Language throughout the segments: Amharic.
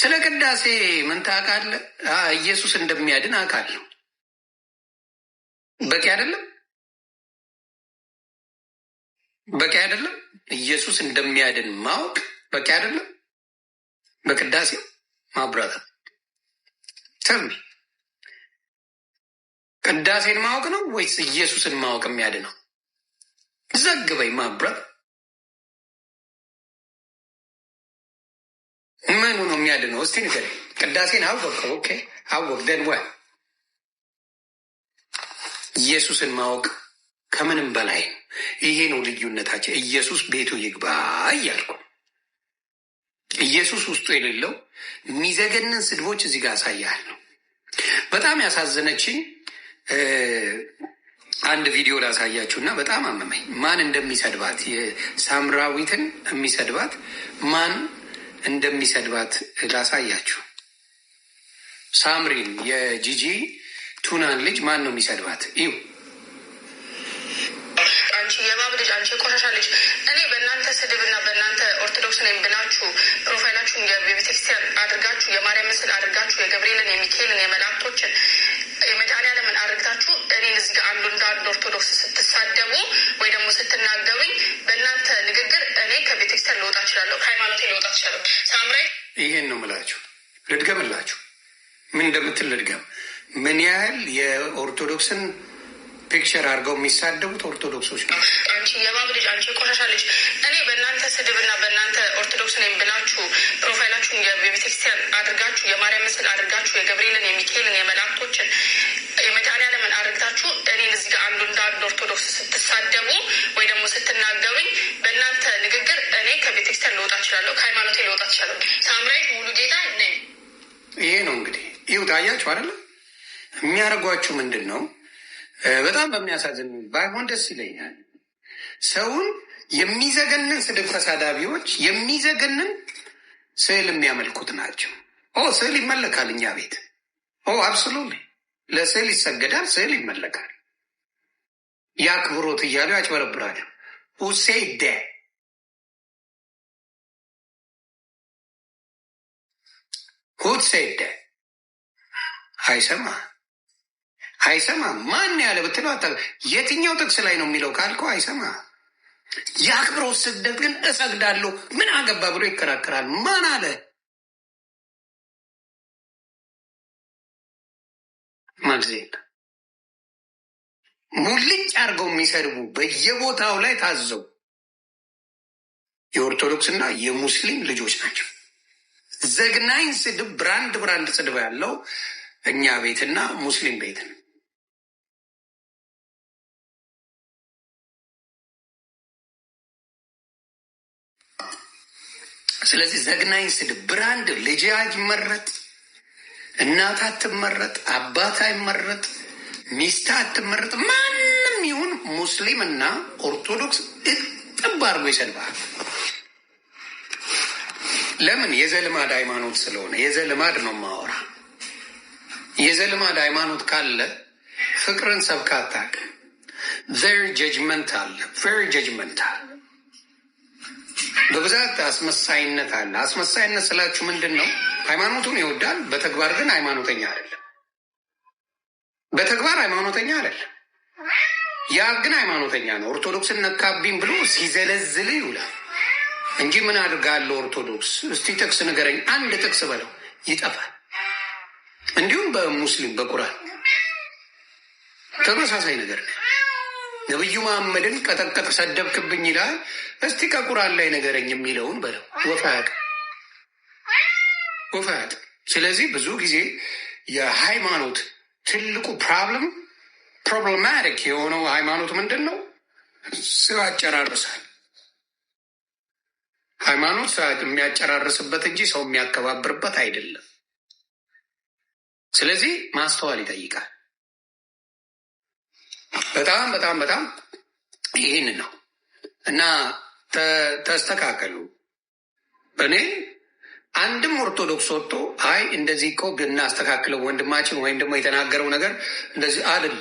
ስለ ቅዳሴ ምን ታውቃለህ? ኢየሱስ እንደሚያድን አውቃለሁ። በቂ አይደለም፣ በቂ አይደለም። ኢየሱስ እንደሚያድን ማወቅ በቂ አይደለም። በቅዳሴው ማብራት ሰሚ ቅዳሴን ማወቅ ነው ወይስ ኢየሱስን ማወቅ የሚያድነው? ዘግበኝ ማብራት ምኑ ነው የሚያድነው? እስቲ ንገር። ቅዳሴን አወቅ ኦኬ፣ አወቅ ደንወ ኢየሱስን ማወቅ ከምንም በላይ ይሄ ነው ልዩነታችን። ኢየሱስ ቤቱ ይግባ እያልኩ ኢየሱስ ውስጡ የሌለው የሚዘገንን ስድቦች እዚህ ጋር ያሳያል ነው። በጣም ያሳዘነችኝ አንድ ቪዲዮ ላሳያችሁ እና በጣም አመመኝ። ማን እንደሚሰድባት የሳምራዊትን የሚሰድባት ማን እንደሚሰድባት ላሳያችሁ። ሳምሪን የጂጂ ቱናን ልጅ ማን ነው የሚሰድባት? እዩ አንቺ የባብ ልጅ አንቺ የቆሻሻ ልጅ እኔ በእናንተ ስድብና በእናንተ ኦርቶዶክስ ነኝ ብላችሁ ፕሮፋይላችሁን የቤተክርስቲያን አድርጋችሁ የማርያም ምስል አድርጋችሁ የገብርኤልን፣ የሚካኤልን፣ የመላእክቶችን የመድኃኔዓለምን አድርግ ያህል የኦርቶዶክስን ፒክቸር አድርገው የሚሳደቡት ኦርቶዶክሶች ነው። አንቺ የባብ ልጅ፣ አንቺ የቆሻሻ ልጅ፣ እኔ በእናንተ ስድብና በእናንተ ኦርቶዶክስ ነኝ ብላችሁ ፕሮፋይላችሁን የቤተክርስቲያን አድርጋችሁ የማርያም ምስል አድርጋችሁ የገብርኤልን፣ የሚካኤልን፣ የመላእክቶችን የመድኃኒዓለምን አድርጋችሁ እኔን እዚህ ጋር አንዱ እንዳንድ ኦርቶዶክስ ስትሳደቡ ወይ ደግሞ ስትናገሩኝ በእናንተ ንግግር እኔ ከቤተክርስቲያን ልወጣ እችላለሁ፣ ከሃይማኖቴ ልወጣ እችላለሁ። ሳምራዊት ሙሉ ጌታ ነኝ። ይሄ ነው እንግዲህ ይሁት አያችሁ አይደለም የሚያደርጓችሁ ምንድን ነው? በጣም በሚያሳዝን ባይሆን ደስ ይለኛል። ሰውን የሚዘገንን ስድብ ተሳዳቢዎች የሚዘገንን ስዕል የሚያመልኩት ናቸው። ኦ ስዕል ይመለካል እኛ ቤት ኦ ለስዕል ይሰገዳል፣ ስዕል ይመለካል። የአክብሮት እያሉ ያጭበረብራሉ። ውሴ ደ ሁት ሴደ አይሰማ አይሰማም። ማን ያለ ብትለው የትኛው ጥቅስ ላይ ነው የሚለው ካልከው አይሰማ። የአክብሮ ስግደት ግን እሰግዳለሁ ምን አገባ ብሎ ይከራከራል። ማን አለ? ማግዜል ሙልጭ አድርገው የሚሰድቡ በየቦታው ላይ ታዘው የኦርቶዶክስና የሙስሊም ልጆች ናቸው። ዘግናኝ ስድብ፣ ብራንድ ብራንድ ስድብ ያለው እኛ ቤትና ሙስሊም ቤት ነው። ስለዚህ ዘግናኝ ስድብ ብራንድ ልጅ አይመረጥ፣ እናት አትመረጥ፣ አባት አይመረጥ፣ ሚስት አትመረጥ። ማንም ይሁን ሙስሊም እና ኦርቶዶክስ እጥብ አድርጎ ይሰድባል። ለምን? የዘልማድ ሃይማኖት ስለሆነ የዘልማድ ነው ማወራ። የዘልማድ ሃይማኖት ካለ ፍቅርን ሰብካ አታውቅም። ቨሪ ጀጅመንታል፣ ቨሪ ጀጅመንታል በብዛት አስመሳይነት አለ። አስመሳይነት ስላችሁ ምንድን ነው? ሃይማኖቱን ይወዳል፣ በተግባር ግን ሃይማኖተኛ አይደለም። በተግባር ሃይማኖተኛ አይደለም። ያ ግን ሃይማኖተኛ ነው። ኦርቶዶክስን ነካብኝ ብሎ ሲዘለዝል ይውላል እንጂ ምን አድርጋለሁ? ኦርቶዶክስ እስቲ ጥቅስ ንገረኝ፣ አንድ ጥቅስ በለው ይጠፋል። እንዲሁም በሙስሊም በቁራን ተመሳሳይ ነገር ነው። ነቢዩ መሐመድን ቀጠቀጥ ሰደብክብኝ ይላል። እስቲ ከቁርአን ላይ ነገረኝ የሚለውን በለው ወፋያቅ ወፋያቅ። ስለዚህ ብዙ ጊዜ የሃይማኖት ትልቁ ፕሮብለም ፕሮብለማቲክ የሆነው ሃይማኖት ምንድን ነው? ስራ አጨራርሳል። ሃይማኖት የሚያጨራርስበት እንጂ ሰው የሚያከባብርበት አይደለም። ስለዚህ ማስተዋል ይጠይቃል። በጣም በጣም በጣም ይህን ነው እና ተስተካከሉ። እኔ አንድም ኦርቶዶክስ ወጥቶ አይ እንደዚህ እኮ እናስተካክለው ወንድማችን ወይም ደግሞ የተናገረው ነገር እንደዚህ አልል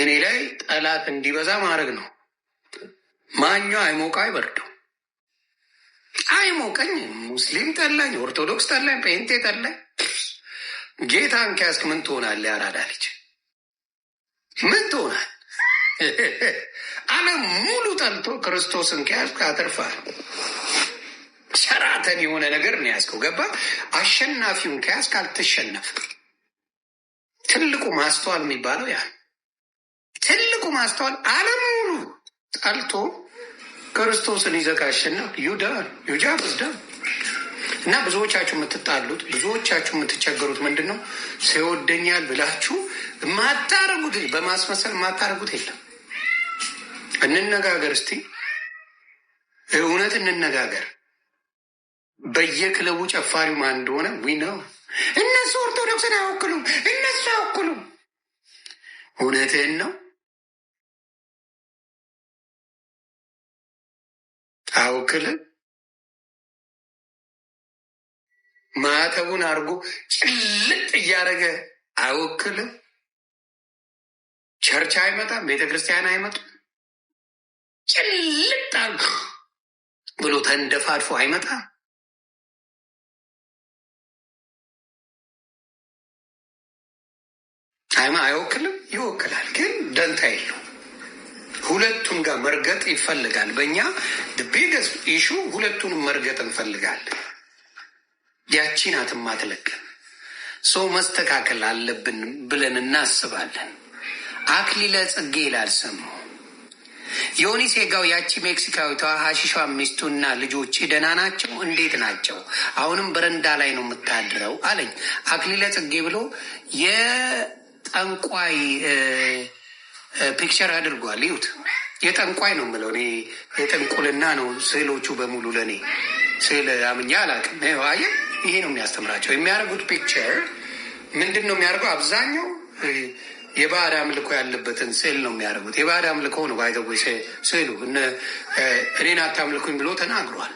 እኔ ላይ ጠላት እንዲበዛ ማድረግ ነው። ማኛ አይሞቀ አይበርዱ አይሞቀኝ። ሙስሊም ጠላኝ፣ ኦርቶዶክስ ጠላኝ፣ ጴንጤ ጠላኝ። ጌታን ከያዝክ ምን ትሆናለህ? ያራዳ ልጅ ምን ትሆናል? ዓለም ሙሉ ጠልቶ ክርስቶስን ከያዝክ አተርፋል። ሰራተን የሆነ ነገር ነው ያዝከው። ገባ? አሸናፊውን ከያዝክ አልትሸነፍም። ትልቁ ማስተዋል የሚባለው ያ ትልቁ ማስተዋል። ዓለም ሙሉ ጠልቶ ክርስቶስን ይዘህ ካሸነፍክ ዩዳ ዩጃ እና ብዙዎቻችሁ የምትጣሉት ብዙዎቻችሁ የምትቸገሩት ምንድን ነው? ሰው ብላችሁ ማታረጉት በማስመሰል ማታረጉት የለም። እንነጋገር እስቲ፣ እውነት እንነጋገር። በየክለቡ ጨፋሪው ማን እንደሆነ ዊ ነው። እነሱ ኦርቶዶክስን አይወክሉም፣ እነሱ አይወክሉም። እውነትህን ነው፣ አይወክልም ማዕተቡን አድርጎ ጭልጥ እያደረገ አይወክልም። ቸርች አይመጣም፣ ቤተ ክርስቲያን አይመጡም። ጭልጥ አድርጎ ብሎ ተንደፋድፎ አይመጣም። አይማ አይወክልም። ይወክላል፣ ግን ደንታ የለው። ሁለቱን ጋር መርገጥ ይፈልጋል። በእኛ ቢገስ ኢሹ ሁለቱንም መርገጥ እንፈልጋለን። ያቺ ናት የማትለቅን። ሰው መስተካከል አለብን ብለን እናስባለን። አክሊለ ጽጌ ይላል ሰሙ ዮኒ ሴጋው ያቺ ሜክሲካዊቷ ሀሺሿ ሚስቱና ልጆች ደህና ናቸው? እንዴት ናቸው? አሁንም በረንዳ ላይ ነው የምታድረው አለኝ። አክሊለ ጽጌ ብሎ የጠንቋይ ፒክቸር አድርጓል። ይሁት የጠንቋይ ነው የምለው እኔ የጠንቁልና ነው ስዕሎቹ በሙሉ ለእኔ ስዕል አምኛ አላውቅም። አየህ ይሄ ነው የሚያስተምራቸው። የሚያደርጉት ፒክቸር ምንድን ነው የሚያደርገው? አብዛኛው የባዕድ አምልኮ ያለበትን ስዕል ነው የሚያደርጉት። የባዕድ አምልኮ ነው ባይተው ስዕሉ። እኔን አታምልኩኝ ብሎ ተናግሯል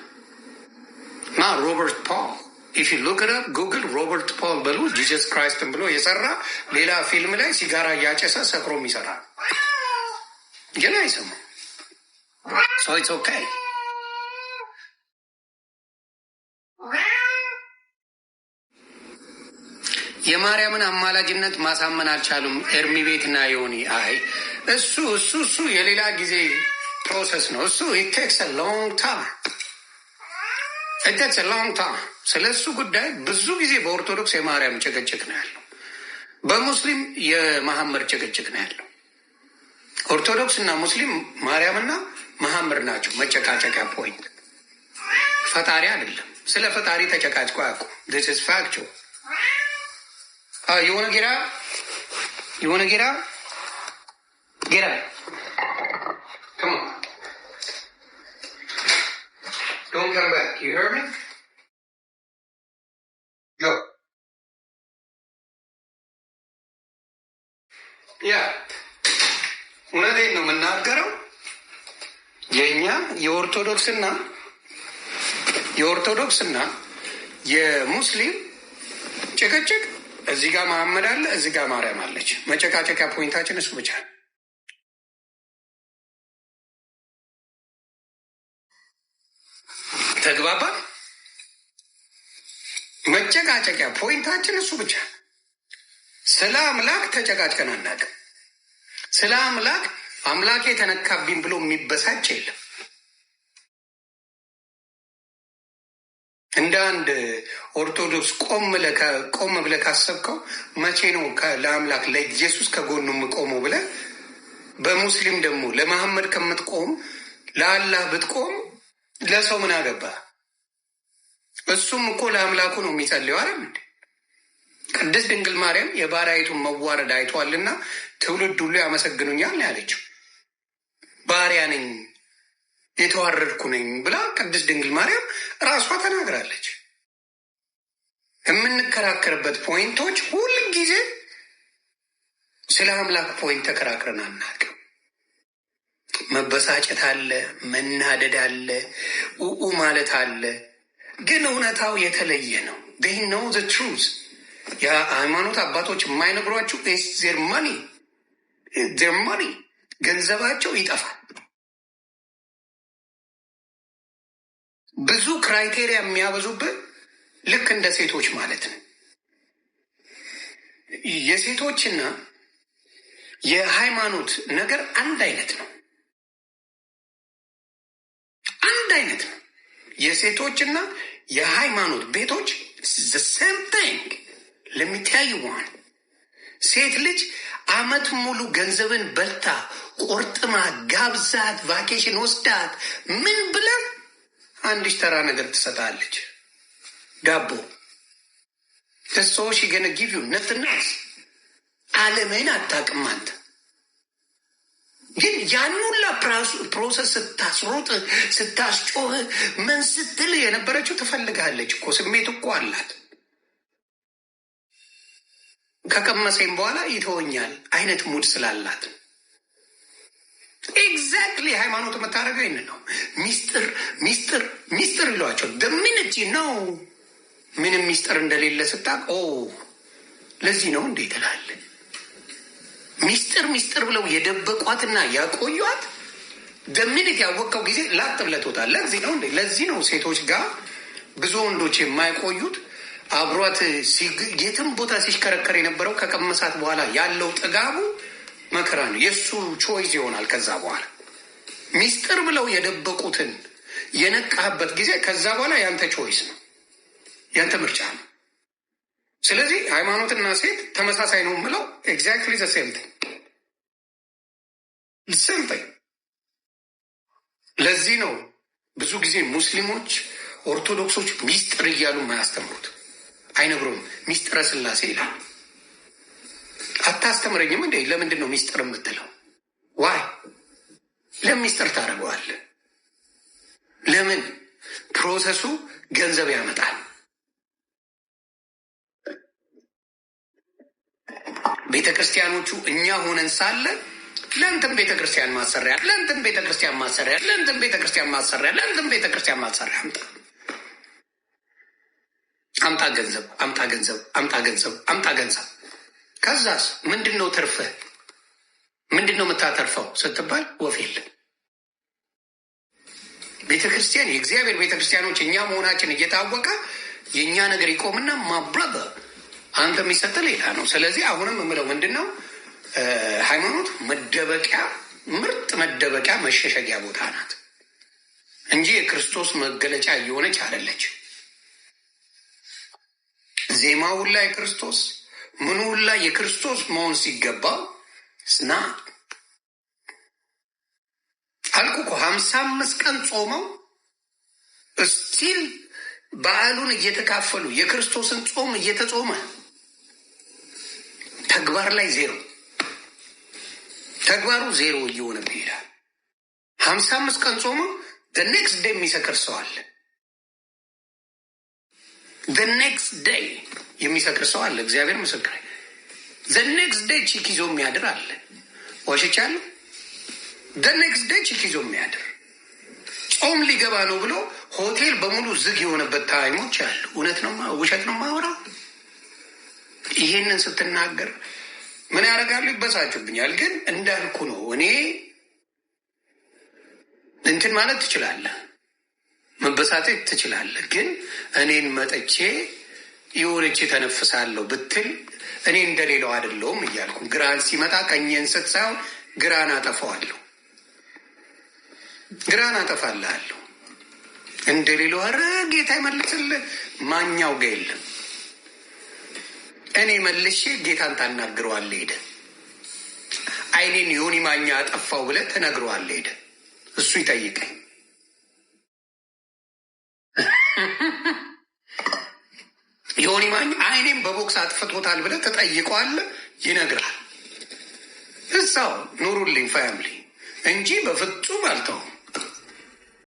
እና ሮበርት ፓል ኢፍ ሉክ ኢት አፕ ጉግል ሮበርት ፓል በሉ ጂሰስ ክራይስትን ብሎ የሰራ ሌላ ፊልም ላይ ሲጋራ እያጨሰ ሰክሮም ይሰራል፣ ግን አይሰማም። ሶ ኢትስ ኦኬ የማርያምን አማላጅነት ማሳመን አልቻሉም። ኤርሚ ቤትና ዮኒ አይ እሱ እሱ እሱ የሌላ ጊዜ ፕሮሰስ ነው። እሱ ኢቴክስ ሎንግ ታም ኢቴክስ ሎንግ ታም። ስለ እሱ ጉዳይ ብዙ ጊዜ በኦርቶዶክስ የማርያም ጭቅጭቅ ነው ያለው፣ በሙስሊም የመሐመር ጭቅጭቅ ነው ያለው። ኦርቶዶክስ እና ሙስሊም ማርያምና መሐመር ናቸው መጨቃጨቂያ ፖይንት፣ ፈጣሪ አይደለም። ስለ ፈጣሪ ተጨቃጭቆ አያውቁም። ዲስ ኢዝ ፋክቹዋል Uh, you wanna get out? You wanna get out? Get out. Come on. Don't come back. You hear me? Go. Yeah. Una day no manakaro? Yenya, you orthodox in na? You orthodox na? Yeah, Muslim? Check it, check እዚህ ጋር መሐመድ አለ፣ እዚህ ጋር ማርያም አለች። መጨቃጨቂያ ፖይንታችን እሱ ብቻ። ተግባባ። መጨቃጨቂያ ፖይንታችን እሱ ብቻ። ስለ አምላክ ተጨቃጭቀን አናውቅም። ስለ አምላክ አምላኬ ተነካብኝ ብሎ የሚበሳጭ የለም እንደ አንድ ኦርቶዶክስ ቆም ብለህ ካሰብከው መቼ ነው ለአምላክ ለኢየሱስ ከጎኑ የምቆመው ብለህ በሙስሊም ደግሞ ለመሐመድ ከምትቆም ለአላህ ብትቆም ለሰው ምን አገባ? እሱም እኮ ለአምላኩ ነው የሚጸልየው አይደል ቅድስት ድንግል ማርያም የባሪያይቱን መዋረድ አይቷልና ትውልድ ሁሉ ያመሰግኑኛል ያለችው ባሪያ ነኝ የተዋረድኩ ነኝ ብላ ቅድስት ድንግል ማርያም ራሷ ተናግራለች። የምንከራከርበት ፖይንቶች ሁልጊዜ ስለ አምላክ ፖይንት ተከራክረን አናውቅም። መበሳጨት አለ፣ መናደድ አለ፣ ኡኡ ማለት አለ። ግን እውነታው የተለየ ነው። ዴይ ነው ዘ ትሩዝ። የሃይማኖት አባቶች የማይነግሯችሁ ዜር ማኒ ዜር ማኒ ገንዘባቸው ይጠፋል። ብዙ ክራይቴሪያ የሚያበዙብህ ልክ እንደ ሴቶች ማለት ነው። የሴቶችና የሃይማኖት ነገር አንድ አይነት ነው። አንድ አይነት ነው። የሴቶችና የሃይማኖት ቤቶች ዘሴም ቲንግ ዋን ሴት ልጅ አመት ሙሉ ገንዘብን በልታ ቆርጥማ ጋብዛት ቫኬሽን ወስዳት ምን ብለን አንዲሽ ተራ ነገር ትሰጣለች። ዳቦ ሰዎች ገነ ጊቭ ዩ ነትና አለምን አታውቅም አንተ። ግን ያን ሁላ ፕሮሰስ ስታስሮጥ ስታስጮህ ምን ስትል የነበረችው ትፈልጋለች እኮ ስሜት እኮ አላት። ከቀመሰኝ በኋላ ይተወኛል አይነት ሙድ ስላላት ኤግዛክትሊ ሃይማኖት የምታደርገው ይህን ነው። ሚስጥር ሚስጥር ሚስጥር ይሏቸው ደሚንቺ ነው ምንም ሚስጥር እንደሌለ ስታቅ ኦ ለዚህ ነው እንዴ ትላል። ሚስጥር ሚስጥር ብለው የደበቋትና ያቆዩት ደምንት ያወቀው ጊዜ ላጥ ብለህ ትወጣለህ። ለዚህ ነው እንዴ ለዚህ ነው ሴቶች ጋር ብዙ ወንዶች የማይቆዩት አብሯት የትም ቦታ ሲሽከረከር የነበረው ከቀመሳት በኋላ ያለው ጥጋቡ መከራ ነው። የእሱ ቾይዝ ይሆናል። ከዛ በኋላ ሚስጥር ብለው የደበቁትን የነቃህበት ጊዜ ከዛ በኋላ ያንተ ቾይስ ነው። ያንተ ምርጫ ነው። ስለዚህ ሃይማኖትና ሴት ተመሳሳይ ነው የምለው ኤግዛክትሊ ዘሴምት ዘሴምት። ለዚህ ነው ብዙ ጊዜ ሙስሊሞች ኦርቶዶክሶች ሚስጥር እያሉ የማያስተምሩት አይነግሩም። ሚስጥረ ስላሴ ይላል። አታስተምረኝም እንዴ? ለምንድን ነው ሚስጥር የምትለው? ዋይ ለምን ሚስጥር ታደርገዋል? ለምን ፕሮሰሱ ገንዘብ ያመጣል። ቤተ ክርስቲያኖቹ እኛ ሆነን ሳለ ለእንትን ቤተ ክርስቲያን ማሰሪያ ለእንትን ቤተ ክርስቲያን ማሰሪያ ለእንትን ቤተ ክርስቲያን ማሰሪያ ለእንትን ቤተ ክርስቲያን ማሰሪያ አምጣ አምጣ ገንዘብ አምጣ ገንዘብ አምጣ ገንዘብ አምጣ ገንዘብ። ከዛስ ምንድን ነው ትርፍህ? ምንድን ነው የምታተርፈው ስትባል ወፍ የለም። ቤተ ክርስቲያን የእግዚአብሔር ቤተ ክርስቲያኖች እኛ መሆናችን እየታወቀ የእኛ ነገር ይቆምና ማብረበ አንተ የሚሰጥ ሌላ ነው። ስለዚህ አሁንም የምለው ምንድን ነው ሃይማኖት መደበቂያ ምርጥ መደበቂያ መሸሸጊያ ቦታ ናት እንጂ የክርስቶስ መገለጫ እየሆነች አደለች። ዜማው ሁላ የክርስቶስ ምኑ ሁላ የክርስቶስ መሆን ሲገባ ስና አልኩ እኮ ሀምሳ አምስት ቀን ጾመው እስቲል በዓሉን እየተካፈሉ የክርስቶስን ጾም እየተጾመ ተግባር ላይ ዜሮ ተግባሩ ዜሮ እየሆነ ይሄዳል። ሀምሳ አምስት ቀን ጾሙ ኔክስት ዴይ የሚሰክር ሰው አለ። ኔክስት ዴይ የሚሰክር ሰው አለ። እግዚአብሔር ምስክር። ኔክስት ዴይ ቺክ ይዞ የሚያድር አለ። ዋሽቻለሁ። ኔክስት ዴይ ቺክ ይዞ የሚያድር ጾም ሊገባ ነው ብሎ ሆቴል በሙሉ ዝግ የሆነበት ታይሞች አሉ። እውነት ነው ውሸት ነው ማውራው ይሄንን ስትናገር ምን ያደርጋሉ? ይበሳጩብኛል። ግን እንዳልኩ ነው። እኔ እንትን ማለት ትችላለህ፣ መበሳጨት ትችላለህ። ግን እኔን መጠቼ የሆነች ተነፍሳለሁ ብትል እኔ እንደሌለው አይደለውም እያልኩ ግራን ሲመጣ ቀኝን ስት ሳይሆን ግራን አጠፋዋለሁ፣ ግራን አጠፋልሃለሁ። እንደሌለው ኧረ ጌታ ይመልስልህ ማኛው ጋ የለም። እኔ መልሼ ጌታን ታናግረዋለ ሄደ አይኔን ዮኒ ማኛ አጠፋው ብለ ተነግረዋለ ሄደ እሱ ይጠይቀኝ። ዮኒ ማኛ አይኔን በቦክስ አጥፍቶታል ብለ ተጠይቀዋለ ይነግራል። እዛው ኑሩልኝ ፋሚሊ እንጂ በፍጹም አልተውም።